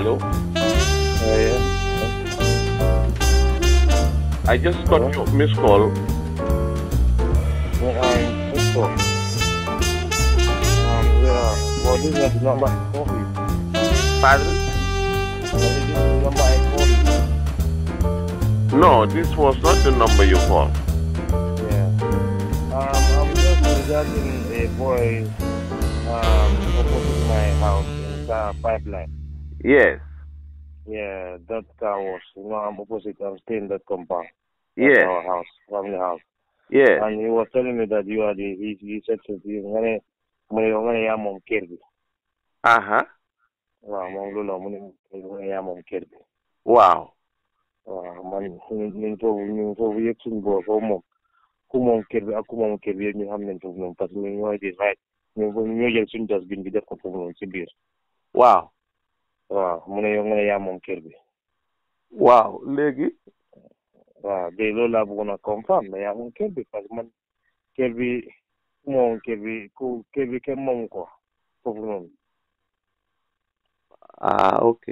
Hello? I, uh, I just got your missed call. Where are you? Missed call? Um, where are What is that number I called you? Pardon? the number I called you? No, this was not the number you called. Yeah. Um, I'm just regarding a boy um, opposite my house in the pipeline. Yes. Yeah, that car was you know I'm opposite. I'm staying in that compound. yeah. Our house, family house. Yeah. And he was telling me that you are the he, he said to me ngane mune ngane ya mom kerbi. Aha. Wa mom lolo mune I'm on kerbi. Wow. Wa man ni to ni to ye tun bo ko mom. Ku mom kerbi ak ku mom kerbi ñu xam nañ to mom parce que ñu ñoy di right. Ñu ñu jël suñu dustbin bi def ko foofu noonu ci biir. Wow. waaw mu ne yow nga ne yaa moom kër bi. waaw léegi. waaw léegi loolu laa bëggoon a comprendre mais yaa moom kër bi parce que man kër bi moom kër bi ku kër bi kenn moomu ko foofu noonu. ah ok.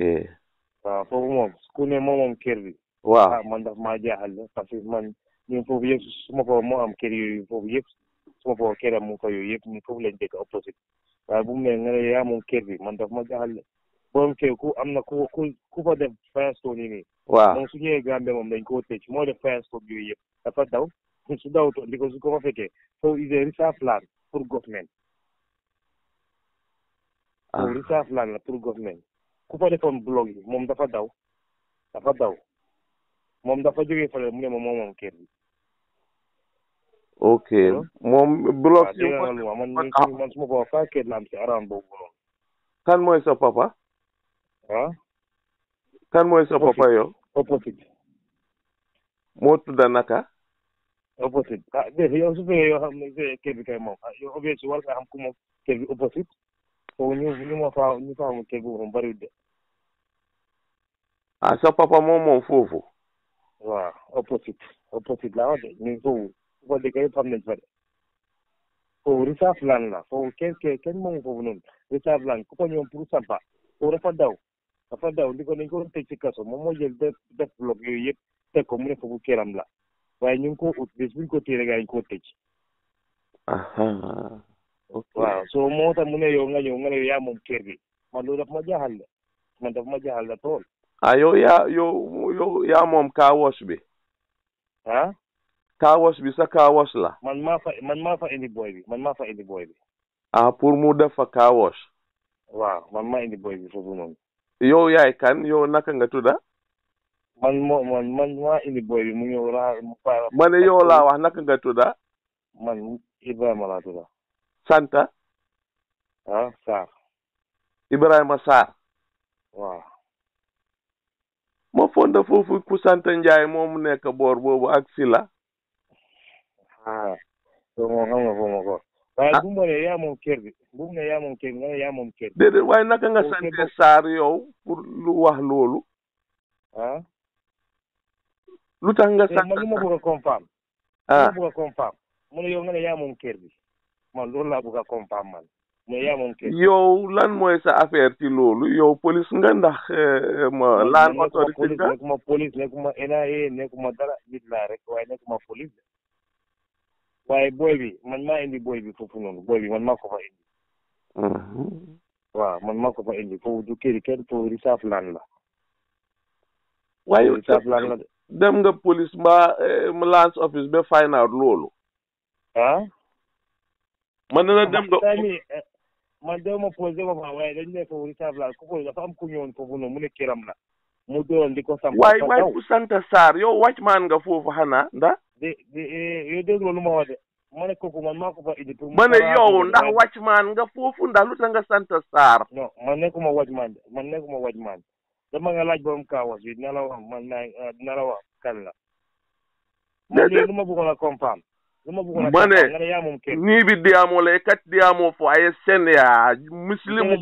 waaw foofu moom ku ne moom moom kër bi. waaw ah man daf maa jaaxal parce que man ñun foofu yëpp su ma ko moo am kër yooyu foofu yëpp su ma ko këram mu ko yooyu yëpp ñun foofu lañ dëkk opposite waaye bu mu ne nga ne yaa moom kër bi man daf ma jaaxal. borom teeku am na ku ku ku fa def firestone yi nii. waaw moom su ñëwee Gambie moom dañ koo tëj moo def firestone yooyu yëpp dafa daw su dawutoon di ko su ko fa fekkee so is a reserve land pour government. ah reserve land la pour government ku fa defoon blog yi moom dafa daw dafa daw moom dafa jógee fële mu ne ma moom moom kër gi. ok moom. blog yi man man su ma ko waxee kër la am si around boobu noonu. kan mooy sa papa. waaw. kan mooy sa papa yow. opposite. moo tudda naka. opposite ah dégg yow su fekkee yoo xam ne kër bi kay moom ah yow obviously war nga xam ku moom kër bi opposite foofu ñu ñu ma faa ñu faa kër bi moom bariwul de. ah sa papa moom moom foofu. waaw opposite opposite laa wax de ñun foofu su ko déggee yëpp xam nañ fa de foofu reserve land la foofu kenn kenn moom foofu noonu reserve land ku ko ñoom pour sampa foofu dafa daw. dafa daw li ko dañ ko doon ci kaso moom moo jël def def bloc yooyu yëpp teg ko mu ne foofu këram la waaye ñu ngi ko ut bés buñ ko téye rek dañ koo tëj. waaw soo moo tax mu ne yow nga ñëw nga ne yaa moom kër gi man loolu daf ma jaaxal la man daf ma jaaxal la tool. ah yow yaa yow yow yaa moom car wash bi. ah. car wash bi sa car wash la. man maa fa man maa fa indi boy bi man maa fa indi boy bi. ah pour mu def fa car wash. waaw man maa indi boy bi foofu yow yaay kan yow naka nga tudda man moo man man maa yow laa wax naka nga tudda man Ibrahima laa tudda santa. ah Sarr. Ibrahima Sarr. waaw. ma fonda foofu ku sant Njaay moomu nekk boor boobu ak Sila. Ah, moom xam nga foo ma ko. waaye bu ma nee yaa moom kër bi bu ne yaa moom kër bi. déedéet waaye naka nga sante yow pour wax loolu. ah. lu tax eh, ma bëgg a comprendre. ah lu ma bëgg yow nga ne yaa moom bi man loolu laa bëgg a comprendre man. mais yow lan mooy sa affaire ci loolu yow police nga ndax eh, ma laan autorité nga nekkuma police nit laa rek waaye nekkuma police. waaye booy bi man maa indi booy bi foofu noonu booy bi man maa ko fa indi. Mm-hmm. waaw man maa ko fa indi foofu du këri kenn foofu risaaf laan la. waaye risaaf laan la de. dem nga police mbaa eh, lance office ba find out loolu. ah. man dana dem nga. Eh, man de ma posé ma fa waaye dañ ne foofu risaaf laan ku ko dafa am ku ñëwoon foofu noonu mu ne këram la mu doon di ko. samp waay waay ku sant Sarr yow wàcc maan nga foofu xanaa ndax. di di yow déggoo lu ma wax de ma ne kooku man maa ko fa indi pour ma ne yow ndax wàccumaan nga foofu ndax lu tax nga sant Sarr. non man nekkuma wàccumaan de man nekkuma wàccumaan nga laaj borom kaawas ji dina la wax man naa dina la wax kan la. déedéet man lu ma bëggoon a comprendre. mane ni bi diyamo la ikat diyamo fo aye sene ya muslimu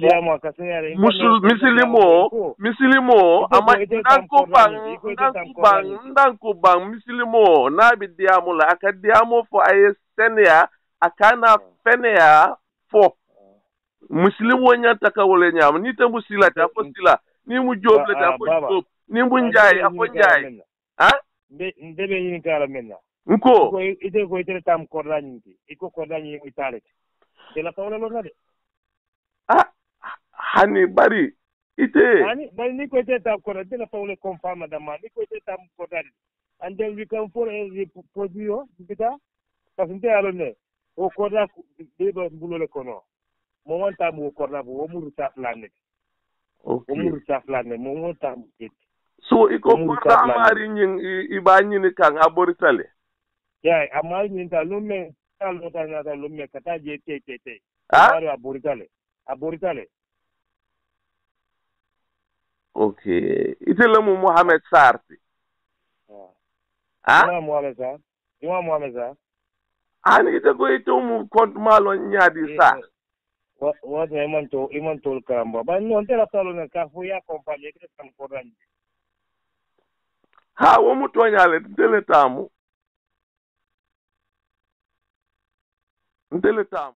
musul muslimo muslimo ama ndanko bang ndanko bang ndanko bang muslimo na bi diyamo la akat diyamo fo aye sene ya akana ah. fene ya fo ah. muslimo nya takawole nyam ni tambu sila ta fo sila ni mu joble ta fo job ni mu njay afo njay ha ah? ndebe yin kala menna nko ite ko itere tam korda nyinti iko korda ni ko itale de la kawla lo ah hani bari ite hani bari ni ko itere tam korda de la fawle confirm da ma ni ko itere tam korda and then we come for the produit bita parce que o korda de do mbulo le kono mo won tam o korda bo o muru ta okay o muru ta mo won tam so iko korda mari nyin iba nyini kan aboritale ya amma nin ta lumme ta lota na ta lumme je te te te ari ¿Ah? aburitale aburitale okay ite lemu mohamed sarti Ah? ¿Ah? mohamed ah, sa ima mohamed sa ani ite ko ite mu kont malo nyaadi sa wata iman to iman to karamba ba ni on tera salo na kafu ya kompanye ke tam koranje ha wo mu to nyaale tamu Não deletamos. Tá?